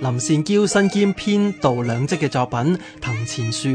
林善嬌身兼編導兩職嘅作品《藤前樹》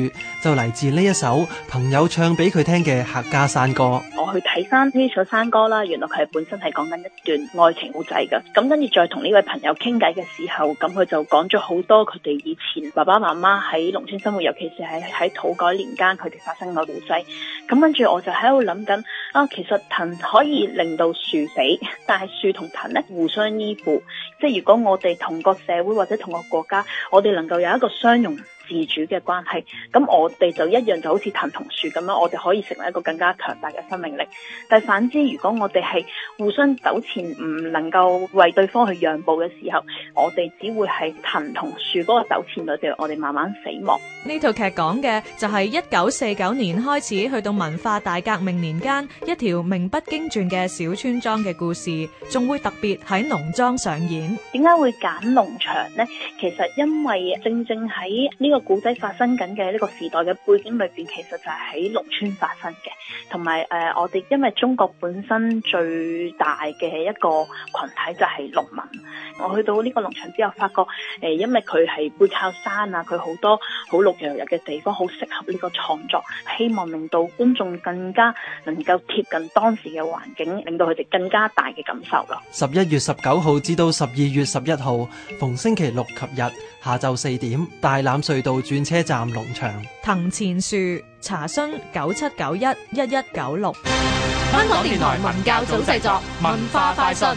就嚟自呢一首朋友唱俾佢聽嘅客家山歌。我去睇翻呢首山歌啦，原來佢係本身係講緊一段愛情故仔嘅。咁跟住再同呢位朋友傾偈嘅時候，咁佢就講咗好多佢哋以前爸爸媽媽喺農村生活，尤其是喺喺土改年間佢哋發生嘅故仔。咁跟住我就喺度諗緊。啊，其實藤可以令到樹死，但係樹同藤咧互相依附，即係如果我哋同個社會或者同個國家，我哋能夠有一個相容，自主嘅關係，咁我哋就一樣就好似藤同樹咁樣，我哋可以成為一個更加強大嘅生命力。但反之，如果我哋係互相糾纏，唔能夠為對方去讓步嘅時候，我哋只會係藤同樹嗰個糾纏度，就我哋慢慢死亡。呢套劇講嘅就係一九四九年開始去到文化大革命年間一條名不經傳嘅小村莊嘅故事，仲會特別喺農莊上演。點解會揀農場呢？其實因為正正喺呢、這個。個古仔發生緊嘅呢個時代嘅背景裏邊，其實就係喺農村發生嘅，同埋誒，我哋因為中國本身最大嘅一個群體就係農民。我去到呢個農場之後，發覺誒、呃，因為佢係背靠山啊，佢好多好綠油油嘅地方，好適合呢個創作。希望令到觀眾更加能夠貼近當時嘅環境，令到佢哋更加大嘅感受啦。十一月十九號至到十二月十一號，逢星期六及日。下晝四點，大欖隧道轉車站農場藤前樹，查詢九七九一一一九六。香港電台文教組製作文化快訊。